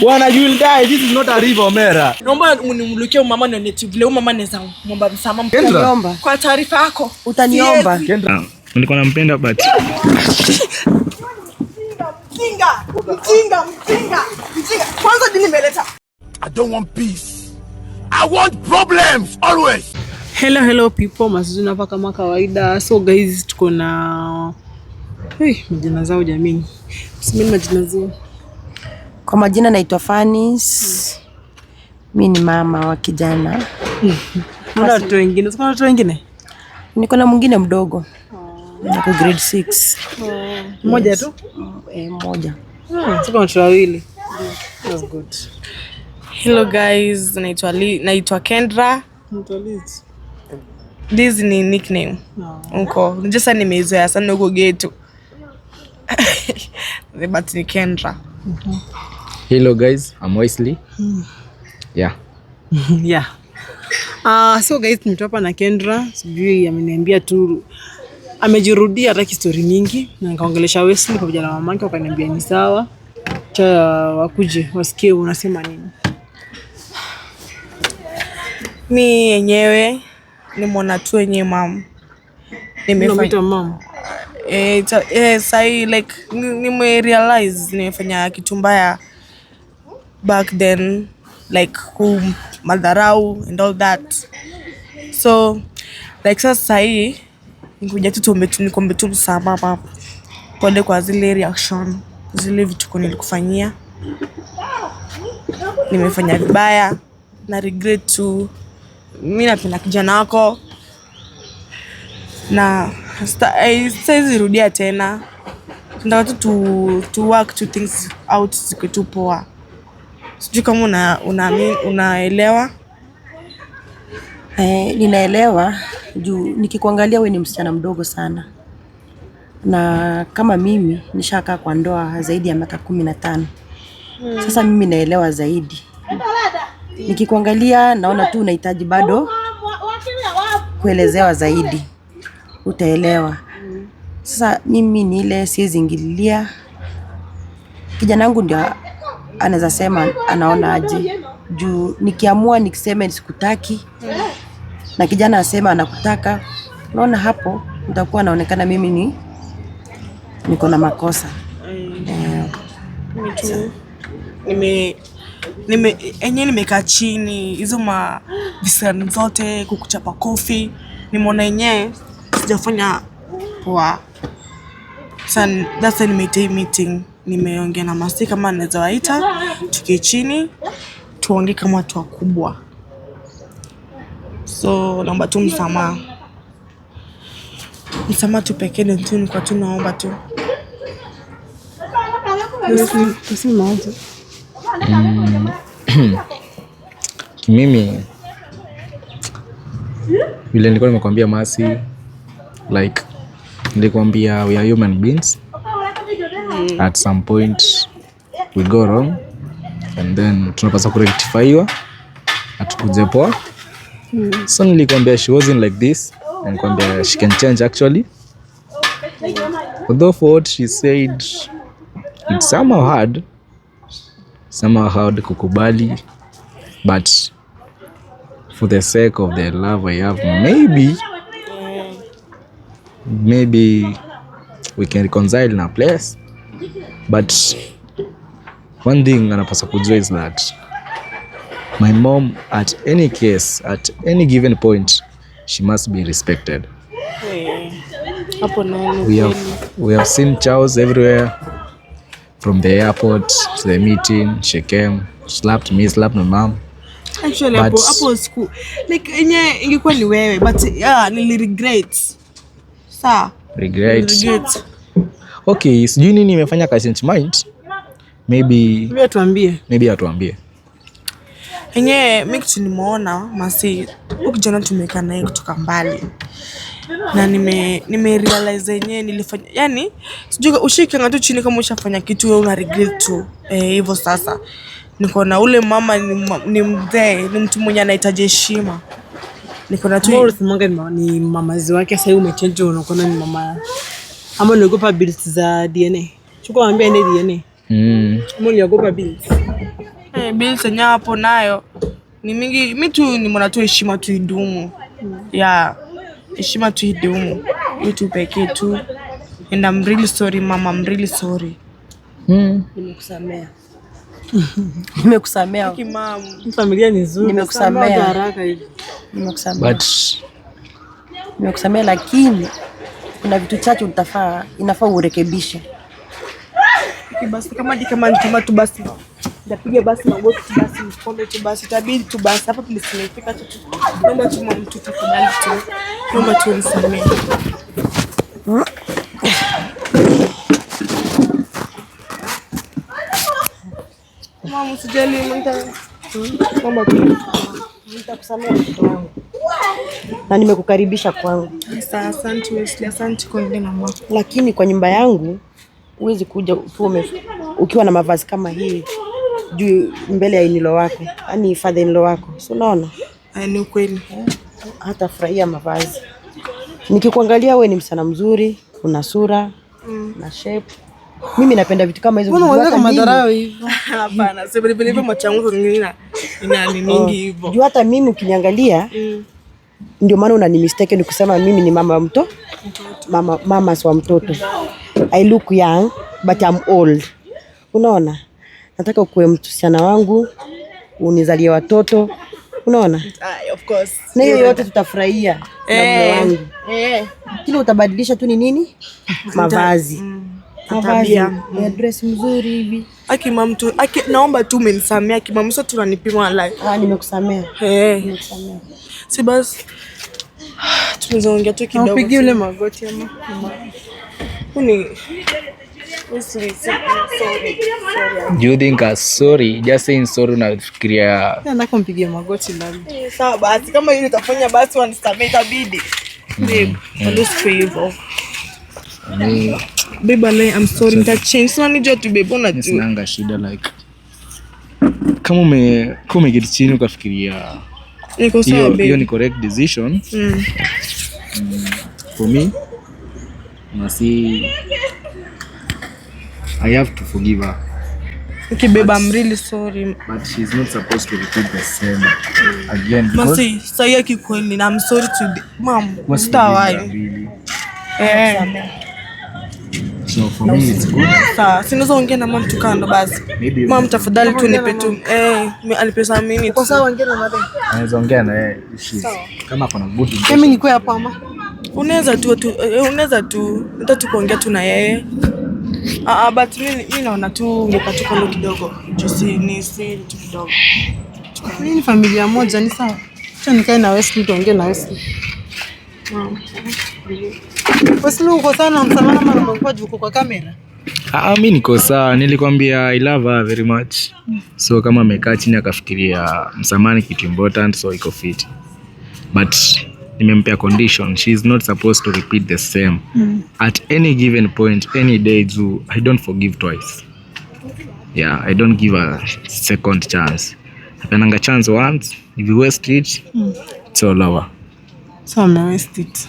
Bwana, you will die. This is not a river Omera. Naomba unimlukie mama na native leo mama naweza muomba msamaha. Kendra. Kwa taarifa yako utaniomba. Kendra. Ah, nilikuwa nampenda but Mjinga, mjinga, mjinga, mjinga. Kwanza dini nimeleta. I don't want peace. I want problems always. Hello, hello people. Masizuna hapa kama kawaida. So guys, tuko na Hey, majina zao jamini. Usimeni majina zao. Kwa majina naitwa Fanis. Hmm. Mi ni mama wa kijana. Mna watoto wengine? Siko na watoto wengine? Niko na mwingine mdogo. Oh. Niko grade 6. Moja tu? Eh, mmoja. Hmm, Siko na watoto wawili. That's oh, good. Hello guys, naitwa naitwa Kendra. Liz. Liz ni nickname. Nko. Sasa nimeizoea sana huko geto. But ni Kendra. Mm-hmm. Hello guys, I'm Wesley. Hmm. Yeah. yeah. Uh, so guys tumetopa na Kendra, sijui ameniambia tu amejirudia hata story mingi na nikaongelesha Wesley pamoja na mamake wakaniambia ni sawa. Cha wakuje wasikie unasema nini. Mi yenyewe nimwona tu yenyewe mam, nimefanya eh, eh sahii like nimerealize nimefanya kitu mbaya back then like kumadharau and all that so like sasa sahii nikuja tu nikombe tu msamaha pole kwa zile reaction zile vituko nilikufanyia nimefanya vibaya na regret tu mi napenda kijana wako na saizi eh, rudia tena tunataka tu to, to work two things out zikuwe Sijui kama una, una, unaelewa. Eh, ninaelewa juu nikikuangalia we ni msichana mdogo sana, na kama mimi nishakaa kwa ndoa zaidi ya miaka kumi na tano hmm. sasa. Mimi naelewa zaidi, nikikuangalia naona tu unahitaji bado kuelezewa zaidi, utaelewa. Sasa mimi ni ile siwezi ingililia kijana wangu ndio anaweza sema anaona aje juu nikiamua nikiseme sikutaki na kijana asema anakutaka, naona hapo nitakuwa naonekana mimi ni niko na makosa nime nime enye nimekaa chini hizo ma visani zote kukuchapa kofi, nimeona enyewe sijafanya poa Sasa that's nimeita meeting nimeongea na masi kama naweza waita, tuke chini tuongee kama watu wakubwa. So naomba tu msamaha, msamaha tu pekee tu, nilikuwa tu naomba tu mm. Mimi vile nilikuwa nimekwambia Masi, like nilikwambia we are human beings at some point we go wrong and then tunapasa kurectifiwa atukuje poa. Hmm. So nilikwambia she wasn't like this, nilikwambia she can change actually, although for what she said it's somehow hard, somehow hard kukubali, but for the sake of the love I have maybe maybe we can reconcile in a place but one thing anapaswa kujua is that my mom at any case at any given point she must be respected we have, we have seen chows everywhere from the airport to the meeting she came slapped me slapped my mom Actually, hapo hapo siku like yenye ingekuwa ni wewe but yeah, nili regret. Sa. Regret. Regret. Okay, sijui nini imefanya Cassient Mind. Maybe maybe atuambie. Maybe atuambie. Enye mimi kitu nimeona masi ukijana tumeka naye kutoka mbali na nime nime realize yenyewe nilifanya, yani sijui ushikanga tu chini kama ushafanya kitu wewe una regret tu eh, hivyo. E, sasa niko na ule mama ni mzee, ni mtu mwenye anahitaji heshima. Niko na tu ni mamazi wake. Sasa umechange unakuwa ni mama ama naogopa bills za DNA. Chukua ambia ende DNA. Mm. Ama niogopa bills? Hey, eh, bills yenye hapo nayo ni mingi, mimi tu ni mwana tu heshima tu idumu. Mm. Yeah. Heshima tu idumu. Mimi tu pekee tu. And I'm really sorry mama, I'm really sorry. Mm. Nimekusamea. Nimekusamea. Familia ni nzuri. Nimekusamea. Nimekusamea. But Nimekusamea lakini kuna vitu chache utafaa inafaa urekebishe. Okay, basi kama ni kama ni kama tu basi ndapiga basi na wote basi mkono tu basi tabidi tu basi hapa tumesimefika tu kwenda tu mtu tu tafadhali tu kama tu nisame. Mama, usijali, mimi kusamea mtoto wangu na nimekukaribisha kwangu. Lakini kwa nyumba yangu huwezi kuja ukiwa na mavazi kama hii juu mbele ya inilo wako, yaani father inilo wako, si unaona? Ni ukweli hata furahia mavazi. Nikikuangalia we ni msana mzuri, una sura mm, na shape. Mimi napenda vitu kama hizo. Hapana, sasa hivyo macho yangu ina nini oh. hivyo. Juu hata mimi ukiniangalia mm. Ndio maana una ni mistake ni kusema mimi ni mama wa mtoto, mama, mamas wa mtoto. I look young but I'm old. Unaona, nataka ukuwe msichana wangu, unizalie watoto. Unaona, of course, na hiyo yote tutafurahia eh, wangu eh. Kile utabadilisha tu ni nini? Mavazi mm. dress mzuri hivi. Aki mam tu, aki naomba tu umenisamea, aki mam, sio tunanipima live. Ah, nimekusamea. Eh. Nimekusamea si basi tunaweza ongea tu kidogo. Upige ule magoti ama you think I'm sorry? Just saying sorry unafikiria. Nataka kumpigia magoti labda. Eh, sawa basi kama hili utafanya basi wanisamehe itabidi. Mm, babe, mm. usife hivyo. Babe, I'm sorry, nita change. Sina nijua tu babe, unajua. Sina shida like. Kama ume kama umeketi chini ukafikiria hiyo ni correct decision mm. Mm, for me nasi I have to forgive her. Okay, babe, I'm really sorry. But she's not supposed to repeat the same again because Masi, I'm sorry to mom. Mustawai. Really. Eh. eh emotional na mama tukando basi. Mama tafadhali tunipe tu. Eh, alipesa mimi. Kwa sawa ongea na madam. Anaweza ongea na yeye. Kama kuna good. Mimi niko hapa mama. Unaweza tu eh, unaweza tu hata tukaongea tu na yeye. Ah, ah but mimi naona tu ungepata kondo kidogo. Jusi ni siri tu kidogo. Mimi ni familia moja ni sawa. Acha nikae na Wesley tuongee na Wesley. Mama. Ah, mi niko sawa, nilikwambia I love her very much, so kama amekaa chini akafikiria msamani kitu important, so iko fit but nimempea condition, she is not supposed to repeat the same mm. at any given point any day juu I don't forgive twice yeah I don't give a second chance, napenanga chance once if you waste it mm. it's all over. So I waste it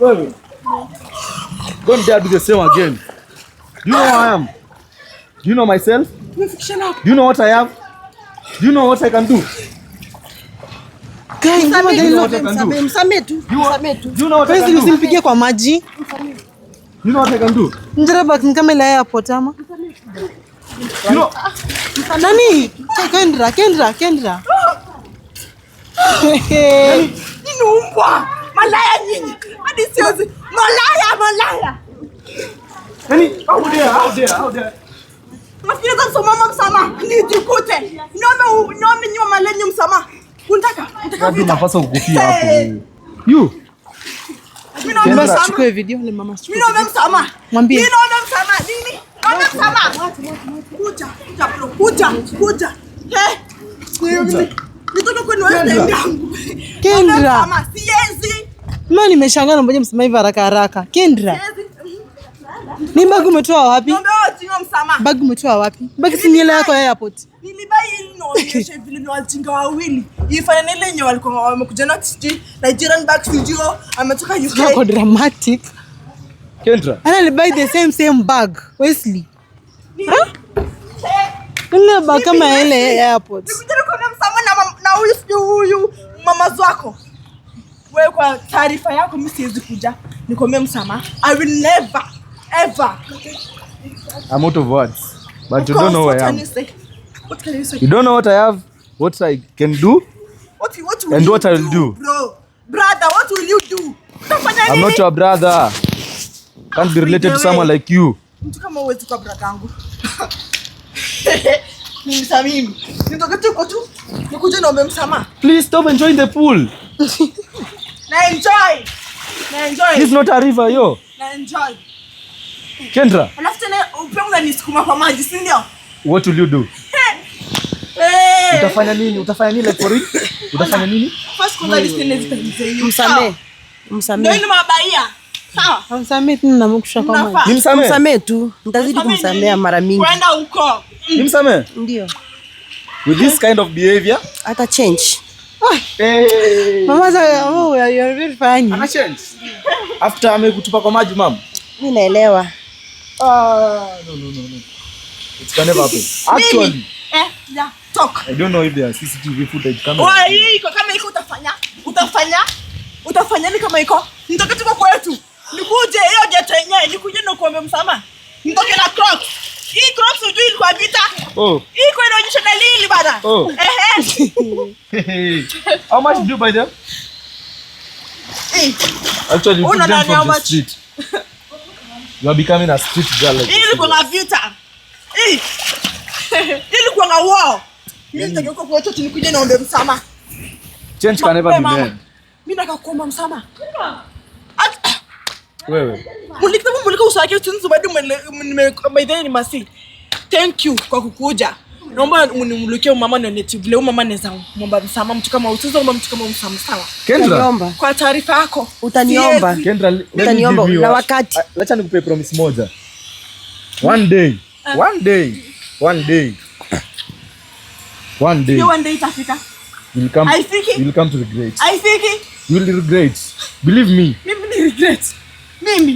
Wewe. Don't dare do the same again. Do you know who I am? Do you know myself? Do you know what I have? Do you know what I can do? Usinipigie kwa maji. You know what I can do? Ndereba kama ile ya potama. You know. Nani? Kendra, Kendra, Kendra. Inumbwa malaya nyinyi, hadi siwezi malaya, malaya. Yani au dia, au dia, au dia. Nafikiri msamaha, msamaha nijikute, niombe niombe nyuma lenye msamaha. Unataka unataka vita, napasa kukufia hapo you mimi video ni mama, mimi naomba msamaha, mwambie mimi naomba msamaha nini, naomba msamaha. Kuja kuja kuja, eh, nitoka kwenu wewe, ndio Kendra. Kendra, siwezi Ma, nimeshangaa mbona msema hivi haraka haraka. Kendra. Ni bagi umetoa wapi? Bagi umetoa wapi? Bagi si ni yako ya airport. Nilibai ili nionyeshe vile ni wawili. Ifanye ile wamekuja na Nigerian bag ametoka UK. dramatic. Kendra. Ana the same same bag. Wesley. Kuna bag kama ile ya airport. na na huyu huyu mama zako wewe, kwa taarifa yako, mimi siwezi kuja nikomee msamaha. I will never ever. I'm out of words, but you don't know what I am. What can you say? You don't know what I have, what I can do, what what will and what I will do. Bro, brother, what will you do? I'm not your brother. Can't be related to someone eh? like you. Mtu kama wewe tu brother yangu. Mimi Nitoke tu kwa tu. Nikuje niombe msamaha. Please stop enjoying the pool. Na enjoy. Na enjoy. This is not a river yo. Na enjoy. Kendra. Alafu tena unanisukuma kwa maji, si ndio? What will you do? Hey. Utafanya nini? Utafanya nini like for it? Utafanya nini? First kuna this thing is Msamee. Msamee. Ndio ni mabaya. Sawa. Msamee tu na mkusha maji. Nimsamee. Msamee tu. Mtazidi kumsamea mara mingi. Kwenda huko. Nimsamee? Ndio. With this kind of behavior, ata change. After amekutupa kwa maji mama. Mimi naelewa. Ah, no no no no. It can never happen. Actually. Eh, yeah, talk. I don't know if there are CCTV footage camera. Oh, hii iko kama iko utafanya. Utafanya. Utafanya ni kama iko. Nitoke tu kwetu. Nikuje hiyo gate yenyewe, nikuje na kuomba msamaha. Nitoke na Crocs. Hii crops hujui ilikuwa vita. Oh. Hii kwa inaonyesha dalili bana. Oh. Eh. How much do you buy them? Eh. Actually, you them from the street. You are becoming a street girl like. Hii ilikuwa vita. Hii. Eh. Hii ilikuwa war. Mimi nitageuka kwa watu tunikuja naombe msamaha. Change can never be made. Mimi nakakuomba msamaha. Wewe. Mulika sababu mulika uso wake bado by the ni masi. Thank you kwa kukuja. Naomba unimlukie mama na neti vile mama anaweza muomba msamaha mtu kama utuzo mama mtu kama msamaha. Kendra. Kwa taarifa yako utaniomba. Kendra, utaniomba na wakati. Acha nikupe promise moja. One day. Ah. One day. One day. One day. One day itafika. You'll come, I think. you'll come to regret. I think. You'll regret. Believe me. Mimi ni regret. Mimi.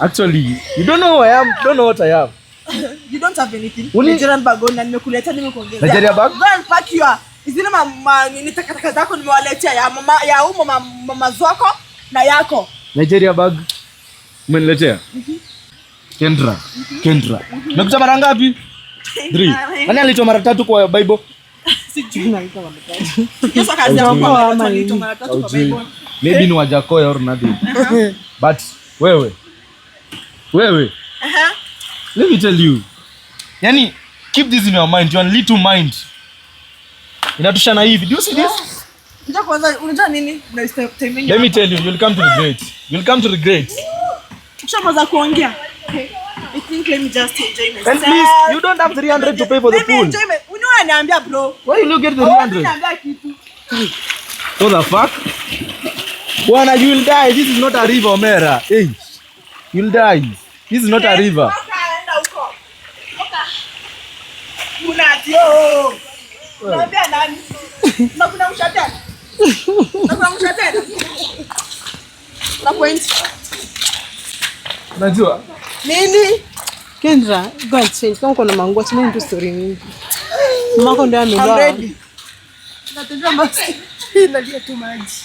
Actually, you don't know who I am, You don't know what I am. You don't have anything. Nigerian bag on, na nimekuletea nimekuongezea. Nigeria bag? Go and pack your. Zile mama ni takataka zako nimewaletea ya mama ya umo mama mama zako na yako. Nigeria bag. Umeniletea? Mhm. Kendra. Mhm. Kendra. Umekuta mhm. mara ngapi? 3. Nani alitoa mara tatu kwa Bible? Sijui. na Sasa kazi ya mama yako mara tatu kwa Bible maybe eh? ni Wajakoya or nothing uh-huh. but wewe wewe, uh-huh. let me tell you, yani keep this in your mind, you are little mind inatushana hivi. Do you see this? Let me tell you, you'll come to regret. You'll come to regret. I think let me just enjoy myself. And please, you don't have 300 to pay for the pool. Let me enjoy my... Unaniambia bro. Why you look at the 300? Unaniambia kitu. What the fuck? Bwana, you will die. This is not a river, Mera. Hey, you will die. This is not a river. Najua. Nini? Kendra, go and change. Kama kuna manguo, ndio story nyingi. ndio Nalia tu maji.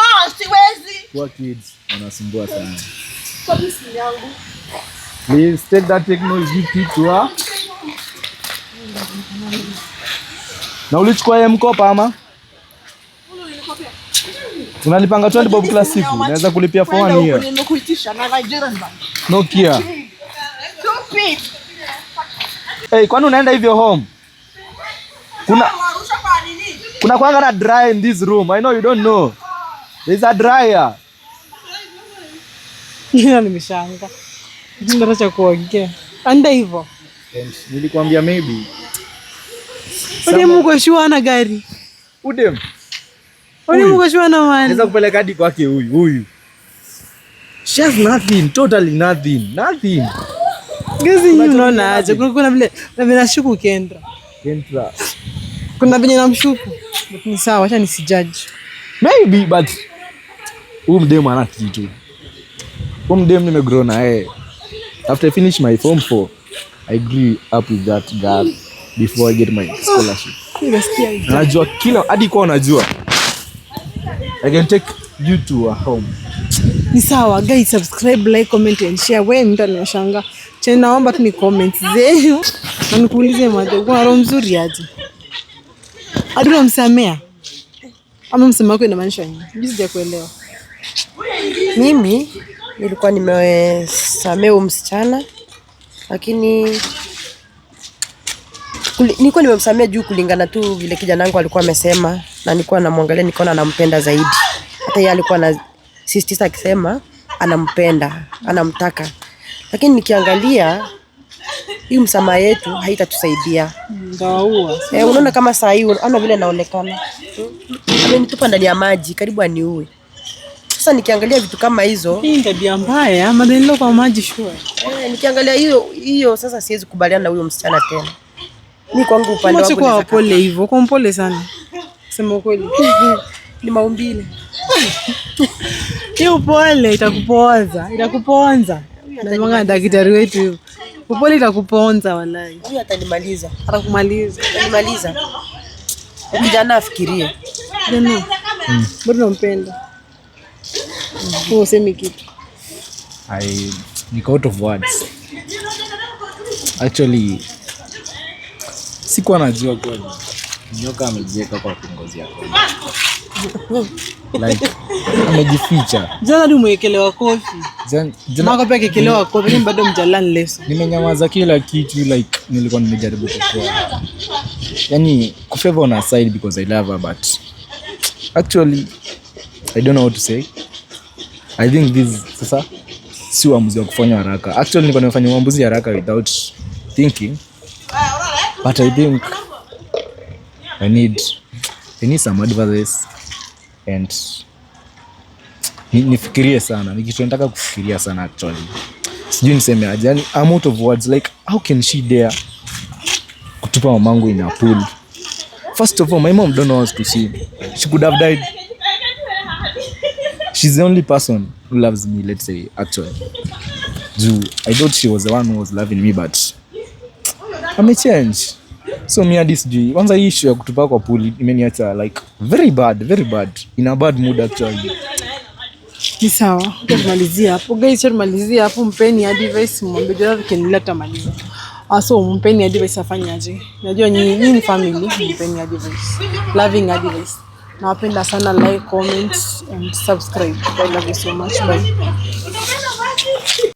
Oh, siwezi. Poor kids wanasumbua sana. Please take that technology kit to Na ulichukua yeye mkopa ama? Unalipanga 20 bob kila siku. Naweza kulipia for one year. Nokia. Stupid. Hey, kwani unaenda hivyo home? Kuna kuna kwanga na dry in this room. I know you don't know. There's a dryer. Ila nimeshanga. Ndio cha kuongea. Anda hivyo. Nilikwambia maybe. Udem mko shua na gari. Udem. Udem mko shua na mali. Naweza kupeleka hadi kwake huyu huyu. She has nothing, totally nothing. Nothing. Gezi ni unaona aje? Kuna kuna vile na vile nashuku Kendra. Kendra. Kuna vile namshuku. Ni sawa, acha nisijudge. Maybe but huyu mdemu ana kitu. Huyu mdemu nimegrow na yeye. After I finish my form 4, I grew up with that girl before I get my scholarship. Najua kila hadi kwa unajua. I can take you to a home. Ni sawa, guys, subscribe, like, comment and share. Wewe mtu anashanga. Chani naomba tu ni comment zenu. Na nikuulize mwaje, uko roho mzuri aje? Hadi unamsamea? Ama msemo wako inamaanisha nini? Mimi sijakuelewa. Mimi nilikuwa nimesamea huyu msichana lakini nilikuwa nimemsamea juu kulingana tu vile kijana wangu alikuwa amesema na nilikuwa namwangalia nikaona anampenda zaidi. Hata yeye alikuwa anasisitiza akisema anampenda, anamtaka. Lakini nikiangalia hii msamaha yetu haitatusaidia. Eh, unaona kama saa hii ana vile naonekana. Amenitupa ndani ya maji karibu aniue. Sasa nikiangalia vitu kama hizo, ndio tabia mbaya, ama ndio kwa maji shua. Eh, nikiangalia hiyo hiyo sasa siwezi kubaliana na huyo msichana tena. Mimi kwangu upande wangu kwa pole hivyo, kwa mpole sana. Sema kweli Ni maumbile. Hiyo pole itakupoza, itakuponza. Na daktari wetu upole itakuponza wallahi. Huyu atanimaliza. Atakumaliza. Atanimaliza. Kijana afikirie. Kijana. Hmm. Mbona unampenda? usemi kitu I, niko out of words actually, sikuwa najua kweli nyoka amejieka kwa kingozi yako like amejificha. Jana umewekelewa kofi, kofi, bado leso. Nimenyamaza kila kitu, like nilikuwa nimejaribu kukua, yani kufavor on a side because I love her but actually I don't know what to say I think this sasa si uamuzi wa kufanya haraka. Actually nilikuwa nimefanya uamuzi haraka without thinking. But I think I need I need some advice and nifikirie sana. Ni kitu nataka kufikiria sana actually. Sijui niseme aje. Yani, I'm out of words like how can she dare kutupa mamangu in a pool? First of all, my mom don't know how to see. She could have died she's the only person who loves me let's say actually do i thought she was the one who was loving me but amechange so mi hadi sijui kwanza hii issue ya kutupa kwa puli imeniacha like very bad very bad in a bad mood actually ni sawa tumalizia hapo guys tumalizia hapo mpeni advice mwambie aso ah, mpeni advice afanyaje najua nyinyi ni family mpeni advice loving advice Nawapenda sana, like, comment and subscribe. I love you so much. Bye.